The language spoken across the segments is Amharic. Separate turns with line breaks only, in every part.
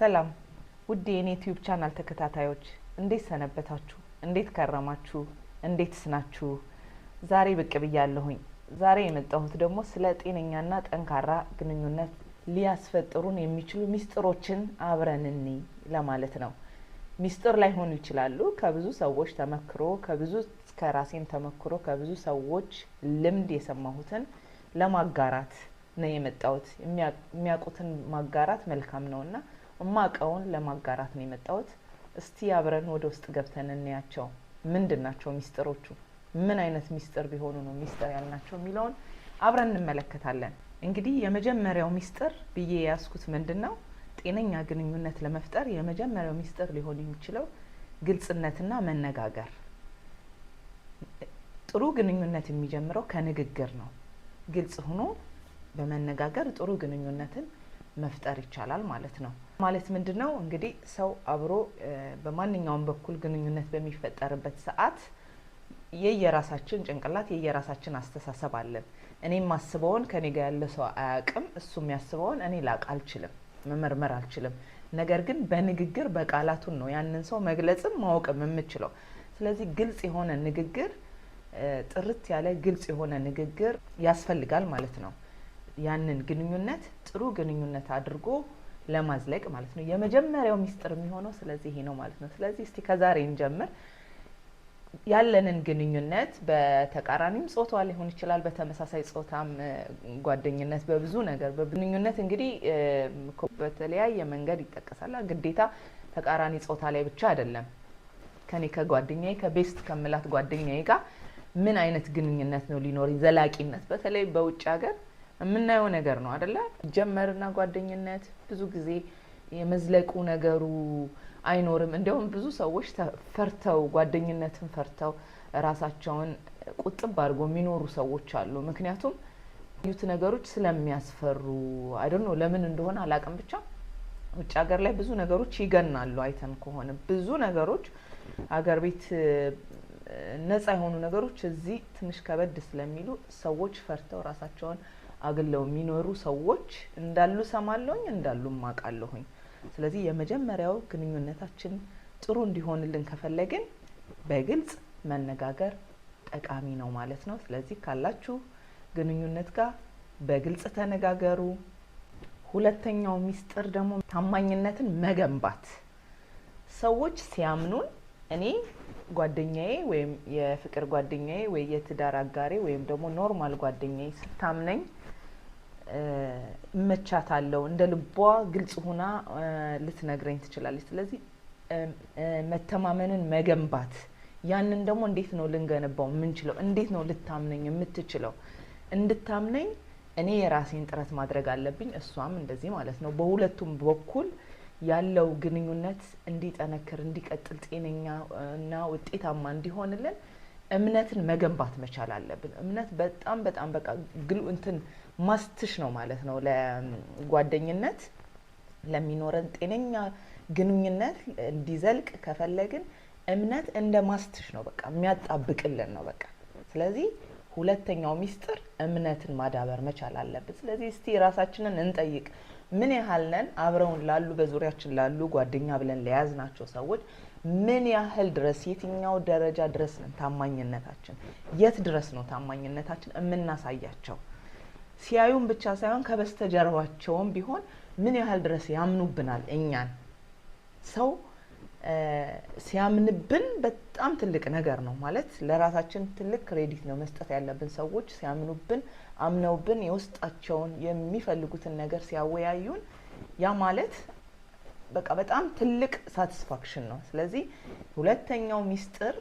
ሰላም ውድ የኔ ዩቲዩብ ቻናል ተከታታዮች እንዴት ሰነበታችሁ? እንዴት ከረማችሁ? እንዴት ስናችሁ ዛሬ ብቅ ብያለሁኝ። ዛሬ የመጣሁት ደግሞ ስለ ጤነኛና ጠንካራ ግንኙነት ሊያስፈጥሩን የሚችሉ ሚስጥሮችን አብረን እኒ ለማለት ነው። ሚስጥር ላይሆኑ ይችላሉ። ከብዙ ሰዎች ተመክሮ ከብዙ ከራሴም ተመክሮ ከብዙ ሰዎች ልምድ የሰማሁትን ለማጋራት ነው የመጣሁት። የሚያውቁትን ማጋራት መልካም ነውና እማቀውን ለማጋራት ነው የመጣሁት። እስቲ አብረን ወደ ውስጥ ገብተን እንያቸው። ምንድን ናቸው ሚስጥሮቹ? ምን አይነት ሚስጥር ቢሆኑ ነው ሚስጥር ያልናቸው የሚለውን አብረን እንመለከታለን። እንግዲህ የመጀመሪያው ሚስጥር ብዬ የያዝኩት ምንድን ነው? ጤነኛ ግንኙነት ለመፍጠር የመጀመሪያው ሚስጥር ሊሆን የሚችለው ግልጽነትና መነጋገር። ጥሩ ግንኙነት የሚጀምረው ከንግግር ነው። ግልጽ ሆኖ በመነጋገር ጥሩ ግንኙነትን መፍጠር ይቻላል ማለት ነው። ማለት ምንድን ነው እንግዲህ ሰው አብሮ በማንኛውም በኩል ግንኙነት በሚፈጠርበት ሰዓት የየራሳችን ጭንቅላት የየራሳችን አስተሳሰብ አለን። እኔ የማስበውን ከኔ ጋር ያለ ሰው አያውቅም። እሱ የሚያስበውን እኔ ላቅ አልችልም፣ መመርመር አልችልም። ነገር ግን በንግግር በቃላቱን ነው ያንን ሰው መግለጽም ማወቅም የምችለው። ስለዚህ ግልጽ የሆነ ንግግር፣ ጥርት ያለ ግልጽ የሆነ ንግግር ያስፈልጋል ማለት ነው። ያንን ግንኙነት ጥሩ ግንኙነት አድርጎ ለማዝለቅ ማለት ነው። የመጀመሪያው ሚስጥር የሚሆነው ስለዚህ ይሄ ነው ማለት ነው። ስለዚህ እስቲ ከዛሬ እንጀምር። ያለንን ግንኙነት በተቃራኒም ጾታ ሊሆን ይችላል፣ በተመሳሳይ ጾታም ጓደኝነት፣ በብዙ ነገር በግንኙነት እንግዲህ በተለያየ መንገድ ይጠቀሳል። ግዴታ ተቃራኒ ጾታ ላይ ብቻ አይደለም። ከኔ ከጓደኛዬ ከቤስት ከምላት ጓደኛዬ ጋር ምን አይነት ግንኙነት ነው ሊኖር ዘላቂነት? በተለይ በውጭ ሀገር የምናየው ነገር ነው አደለ? ጀመርና ጓደኝነት ብዙ ጊዜ የመዝለቁ ነገሩ አይኖርም። እንዲያውም ብዙ ሰዎች ፈርተው ጓደኝነትን ፈርተው ራሳቸውን ቁጥብ አድርጎ የሚኖሩ ሰዎች አሉ። ምክንያቱም ዩት ነገሮች ስለሚያስፈሩ አይደ ለምን እንደሆነ አላቅም። ብቻ ውጭ ሀገር ላይ ብዙ ነገሮች ይገናሉ። አይተን ከሆነ ብዙ ነገሮች አገር ቤት ነጻ የሆኑ ነገሮች እዚህ ትንሽ ከበድ ስለሚሉ ሰዎች ፈርተው ራሳቸውን አግለው የሚኖሩ ሰዎች እንዳሉ ሰማለሁኝ፣ እንዳሉ ማቃለሁኝ። ስለዚህ የመጀመሪያው ግንኙነታችን ጥሩ እንዲሆንልን ከፈለግን በግልጽ መነጋገር ጠቃሚ ነው ማለት ነው። ስለዚህ ካላችሁ ግንኙነት ጋር በግልጽ ተነጋገሩ። ሁለተኛው ሚስጥር ደግሞ ታማኝነትን መገንባት። ሰዎች ሲያምኑን እኔ ጓደኛዬ ወይም የፍቅር ጓደኛዬ ወይ የትዳር አጋሬ ወይም ደግሞ ኖርማል ጓደኛዬ ስታምነኝ እመቻታለሁ፣ እንደ ልቧ ግልጽ ሆና ልትነግረኝ ትችላለች። ስለዚህ መተማመንን መገንባት ያንን ደግሞ እንዴት ነው ልንገነባው የምንችለው? እንዴት ነው ልታምነኝ የምትችለው? እንድታምነኝ እኔ የራሴን ጥረት ማድረግ አለብኝ፣ እሷም እንደዚህ ማለት ነው። በሁለቱም በኩል ያለው ግንኙነት እንዲጠነክር፣ እንዲቀጥል፣ ጤነኛ እና ውጤታማ እንዲሆንልን እምነትን መገንባት መቻል አለብን። እምነት በጣም በጣም በቃ ግሉ እንትን ማስትሽ ነው ማለት ነው ለጓደኝነት ለሚኖረን ጤነኛ ግንኙነት እንዲዘልቅ ከፈለግን እምነት እንደ ማስትሽ ነው፣ በቃ የሚያጣብቅልን ነው በቃ። ስለዚህ ሁለተኛው ሚስጥር እምነትን ማዳበር መቻል አለብን። ስለዚህ እስቲ ራሳችንን እንጠይቅ። ምን ያህል ነን አብረውን ላሉ በዙሪያችን ላሉ ጓደኛ ብለን ለያዝናቸው ሰዎች ምን ያህል ድረስ የትኛው ደረጃ ድረስ ነን ታማኝነታችን የት ድረስ ነው ታማኝነታችን የምናሳያቸው ሲያዩን ብቻ ሳይሆን ከበስተጀርባቸውም ቢሆን ምን ያህል ድረስ ያምኑብናል እኛን ሰው ሲያምንብን በጣም ትልቅ ነገር ነው ማለት ለራሳችን ትልቅ ክሬዲት ነው መስጠት ያለብን። ሰዎች ሲያምኑብን አምነውብን የውስጣቸውን የሚፈልጉትን ነገር ሲያወያዩን ያ ማለት በቃ በጣም ትልቅ ሳቲስፋክሽን ነው። ስለዚህ ሁለተኛው ሚስጥር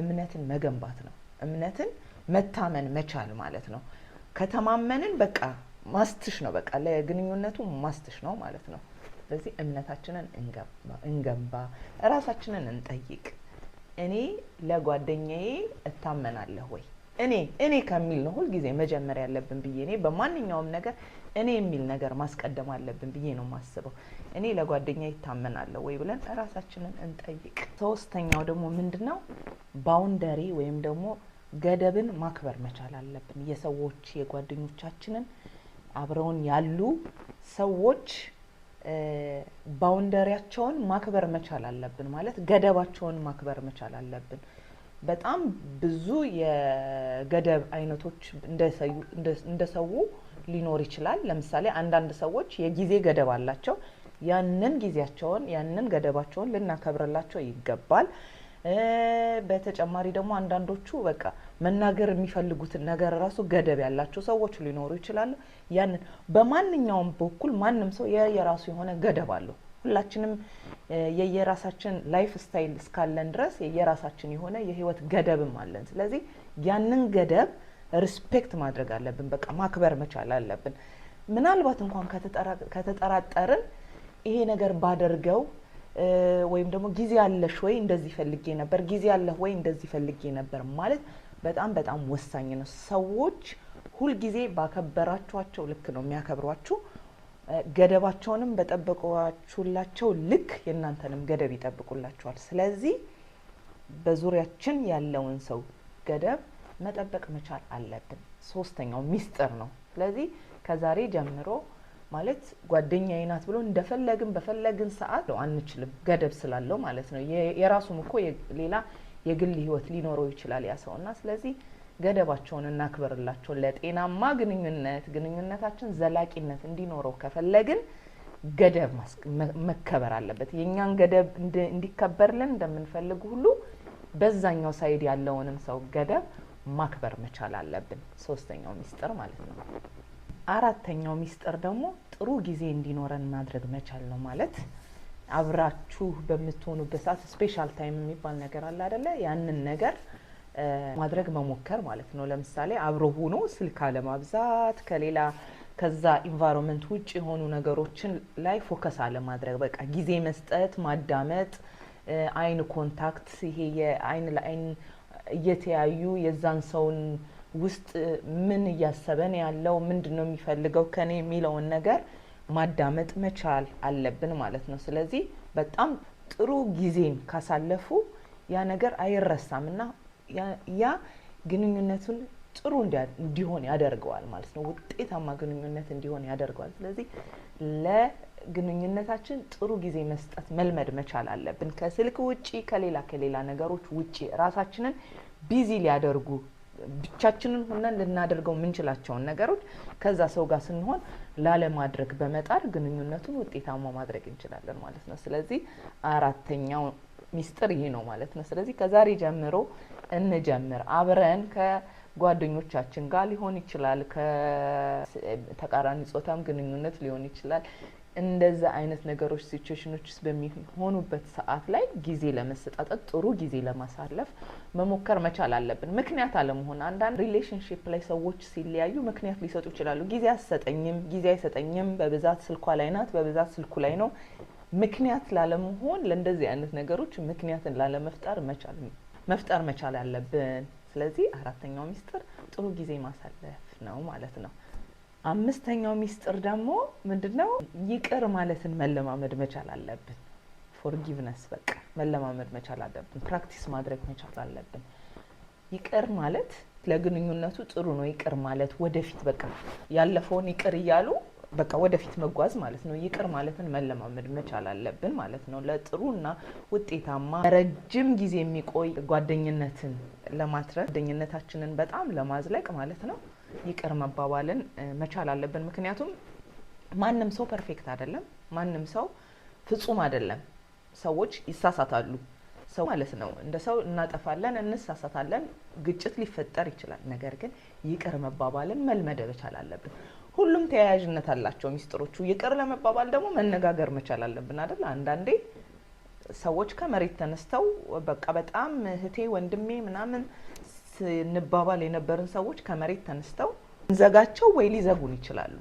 እምነትን መገንባት ነው። እምነትን መታመን መቻል ማለት ነው። ከተማመንን በቃ ማስትሽ ነው፣ በቃ ለግንኙነቱ ማስትሽ ነው ማለት ነው። ስለዚህ እምነታችንን እንገንባ፣ እራሳችንን እንጠይቅ። እኔ ለጓደኛዬ እታመናለሁ ወይ? እኔ እኔ ከሚል ነው ሁልጊዜ መጀመር ያለብን ብዬ እኔ በማንኛውም ነገር እኔ የሚል ነገር ማስቀደም አለብን ብዬ ነው የማስበው። እኔ ለጓደኛ ይታመናለሁ ወይ ብለን እራሳችንን እንጠይቅ። ሶስተኛው ደግሞ ምንድን ነው? ባውንደሪ ወይም ደግሞ ገደብን ማክበር መቻል አለብን። የሰዎች የጓደኞቻችንን አብረውን ያሉ ሰዎች ባውንደሪያቸውን ማክበር መቻል አለብን፣ ማለት ገደባቸውን ማክበር መቻል አለብን። በጣም ብዙ የገደብ አይነቶች እንደ ሊኖር ይችላል። ለምሳሌ አንዳንድ ሰዎች የጊዜ ገደብ አላቸው። ያንን ጊዜያቸውን ያንን ገደባቸውን ልናከብርላቸው ይገባል። በተጨማሪ ደግሞ አንዳንዶቹ በቃ መናገር የሚፈልጉትን ነገር ራሱ ገደብ ያላቸው ሰዎች ሊኖሩ ይችላሉ። ያንን በማንኛውም በኩል ማንም ሰው የየራሱ የሆነ ገደብ አለው። ሁላችንም የየራሳችን ላይፍ ስታይል እስካለን ድረስ የየራሳችን የሆነ የህይወት ገደብም አለን። ስለዚህ ያንን ገደብ ሪስፔክት ማድረግ አለብን። በቃ ማክበር መቻል አለብን። ምናልባት እንኳን ከተጠራጠርን ይሄ ነገር ባደርገው ወይም ደግሞ ጊዜ አለሽ ወይ እንደዚህ ፈልጌ ነበር፣ ጊዜ አለህ ወይ እንደዚህ ፈልጌ ነበር ማለት በጣም በጣም ወሳኝ ነው። ሰዎች ሁልጊዜ ባከበራችኋቸው ልክ ነው የሚያከብሯችሁ። ገደባቸውንም በጠበቋችሁላቸው ልክ የእናንተንም ገደብ ይጠብቁላችኋል። ስለዚህ በዙሪያችን ያለውን ሰው ገደብ መጠበቅ መቻል አለብን። ሶስተኛው ሚስጥር ነው። ስለዚህ ከዛሬ ጀምሮ ማለት ጓደኛዬ ናት ብሎ እንደፈለግን በፈለግን ሰዓት አንችልም፣ ገደብ ስላለው ማለት ነው። የራሱም እኮ ሌላ የግል ህይወት ሊኖረው ይችላል ያ እና ስለዚህ ገደባቸውን እናክብርላቸው። ለጤናማ ግንኙነት ግንኙነታችን ዘላቂነት እንዲኖረው ከፈለግን ገደብ መከበር አለበት። የእኛን ገደብ እንዲከበርልን እንደምንፈልግ ሁሉ በዛኛው ሳይድ ያለውንም ሰው ገደብ ማክበር መቻል አለብን። ሶስተኛው ሚስጥር ማለት ነው። አራተኛው ሚስጥር ደግሞ ጥሩ ጊዜ እንዲኖረን ማድረግ መቻል ነው ማለት አብራችሁ በምትሆኑበት ሰዓት ስፔሻል ታይም የሚባል ነገር አለ አደለ? ያንን ነገር ማድረግ መሞከር ማለት ነው። ለምሳሌ አብሮ ሆኖ ስልክ አለማብዛት፣ ከሌላ ከዛ ኢንቫይሮንመንት ውጭ የሆኑ ነገሮችን ላይ ፎከስ አለማድረግ፣ በቃ ጊዜ መስጠት፣ ማዳመጥ፣ አይን ኮንታክት፣ ይሄ የአይን ለአይን እየተያዩ የዛን ሰውን ውስጥ ምን እያሰበን ያለው ምንድን ነው የሚፈልገው ከኔ የሚለውን ነገር ማዳመጥ መቻል አለብን ማለት ነው። ስለዚህ በጣም ጥሩ ጊዜን ካሳለፉ ያ ነገር አይረሳም እና ያ ግንኙነቱን ጥሩ እንዲሆን ያደርገዋል ማለት ነው። ውጤታማ ግንኙነት እንዲሆን ያደርገዋል። ስለዚህ ለግንኙነታችን ጥሩ ጊዜ መስጠት መልመድ መቻል አለብን። ከስልክ ውጪ ከሌላ ከሌላ ነገሮች ውጪ ራሳችንን ቢዚ ሊያደርጉ ብቻችንን ሆነን ልናደርገው የምንችላቸውን ነገሮች ከዛ ሰው ጋር ስንሆን ላለማድረግ በመጣር ግንኙነቱን ውጤታማ ማድረግ እንችላለን ማለት ነው። ስለዚህ አራተኛው ሚስጥር ይሄ ነው ማለት ነው። ስለዚህ ከዛሬ ጀምሮ እንጀምር አብረን ከጓደኞቻችን ጋር ሊሆን ይችላል፣ ከተቃራኒ ጾታም ግንኙነት ሊሆን ይችላል እንደዛ አይነት ነገሮች ሲቹዌሽኖች በሚሆኑበት ሰዓት ላይ ጊዜ ለመሰጣጠት ጥሩ ጊዜ ለማሳለፍ መሞከር መቻል አለብን። ምክንያት አለመሆን አንዳንድ ሪሌሽንሽፕ ላይ ሰዎች ሲለያዩ ምክንያት ሊሰጡ ይችላሉ። ጊዜ አሰጠኝም፣ ጊዜ አይሰጠኝም፣ በብዛት ስልኳ ላይ ናት፣ በብዛት ስልኩ ላይ ነው። ምክንያት ላለመሆን ለእንደዚህ አይነት ነገሮች ምክንያትን ላለመፍጠር መቻል መፍጠር መቻል አለብን። ስለዚህ አራተኛው ሚስጥር ጥሩ ጊዜ ማሳለፍ ነው ማለት ነው። አምስተኛው ሚስጥር ደግሞ ምንድነው? ይቅር ማለትን መለማመድ መቻል አለብን። ፎርጊቭነስ በቃ መለማመድ መቻል አለብን። ፕራክቲስ ማድረግ መቻል አለብን። ይቅር ማለት ለግንኙነቱ ጥሩ ነው። ይቅር ማለት ወደፊት በቃ ያለፈውን ይቅር እያሉ በቃ ወደፊት መጓዝ ማለት ነው። ይቅር ማለትን መለማመድ መቻል አለብን ማለት ነው። ለጥሩ እና ውጤታማ ረጅም ጊዜ የሚቆይ ጓደኝነትን ለማትረፍ ጓደኝነታችንን በጣም ለማዝለቅ ማለት ነው ይቅር መባባልን መቻል አለብን። ምክንያቱም ማንም ሰው ፐርፌክት አይደለም። ማንም ሰው ፍጹም አይደለም። ሰዎች ይሳሳታሉ። ሰው ማለት ነው እንደ ሰው እናጠፋለን፣ እንሳሳታለን። ግጭት ሊፈጠር ይችላል። ነገር ግን ይቅር መባባልን መልመድ መቻል አለብን። ሁሉም ተያያዥነት አላቸው ሚስጥሮቹ። ይቅር ለመባባል ደግሞ መነጋገር መቻል አለብን አይደል? አንዳንዴ ሰዎች ከመሬት ተነስተው በቃ በጣም እህቴ ወንድሜ ምናምን ስንባባል የነበርን ሰዎች ከመሬት ተነስተው እንዘጋቸው ወይ ሊዘጉን ይችላሉ።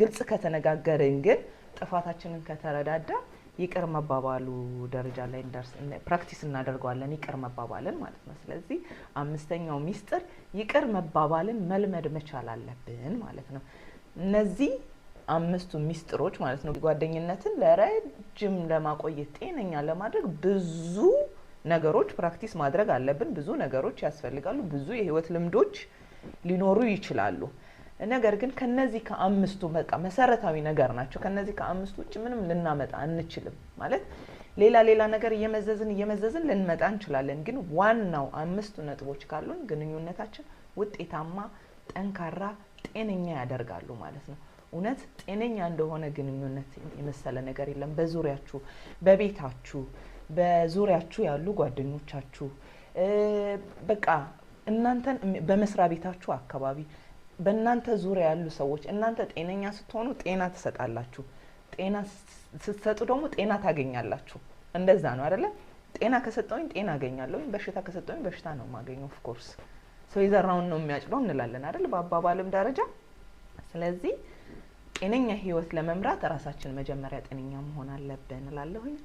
ግልጽ ከተነጋገርን ግን ጥፋታችንን ከተረዳዳ ይቅር መባባሉ ደረጃ ላይ እንደርስ ፕራክቲስ እናደርገዋለን። ይቅር መባባልን ማለት ነው። ስለዚህ አምስተኛው ሚስጥር ይቅር መባባልን መልመድ መቻል አለብን ማለት ነው። እነዚህ አምስቱ ሚስጥሮች ማለት ነው ጓደኝነትን ለረጅም ለማቆየት ጤነኛ ለማድረግ ብዙ ነገሮች ፕራክቲስ ማድረግ አለብን። ብዙ ነገሮች ያስፈልጋሉ። ብዙ የህይወት ልምዶች ሊኖሩ ይችላሉ። ነገር ግን ከነዚህ ከአምስቱ በቃ መሰረታዊ ነገር ናቸው። ከነዚህ ከአምስቱ ውጭ ምንም ልናመጣ አንችልም። ማለት ሌላ ሌላ ነገር እየመዘዝን እየመዘዝን ልንመጣ እንችላለን። ግን ዋናው አምስቱ ነጥቦች ካሉን ግንኙነታችን ውጤታማ፣ ጠንካራ፣ ጤነኛ ያደርጋሉ ማለት ነው። እውነት ጤነኛ እንደሆነ ግንኙነት የመሰለ ነገር የለም። በዙሪያችሁ፣ በቤታችሁ በዙሪያችሁ ያሉ ጓደኞቻችሁ በቃ እናንተን በመስሪያ ቤታችሁ አካባቢ በእናንተ ዙሪያ ያሉ ሰዎች እናንተ ጤነኛ ስትሆኑ ጤና ትሰጣላችሁ። ጤና ስትሰጡ ደግሞ ጤና ታገኛላችሁ። እንደዛ ነው አይደለም ጤና ከሰጠውኝ ጤና አገኛለሁ፣ በሽታ ከሰጠውኝ በሽታ ነው የማገኘው። ኦፍኮርስ ሰው የዘራውን ነው የሚያጭደው እንላለን አይደል? በአባባልም ደረጃ። ስለዚህ ጤነኛ ህይወት ለመምራት ራሳችን መጀመሪያ ጤነኛ መሆን አለብን እላለሁኝ።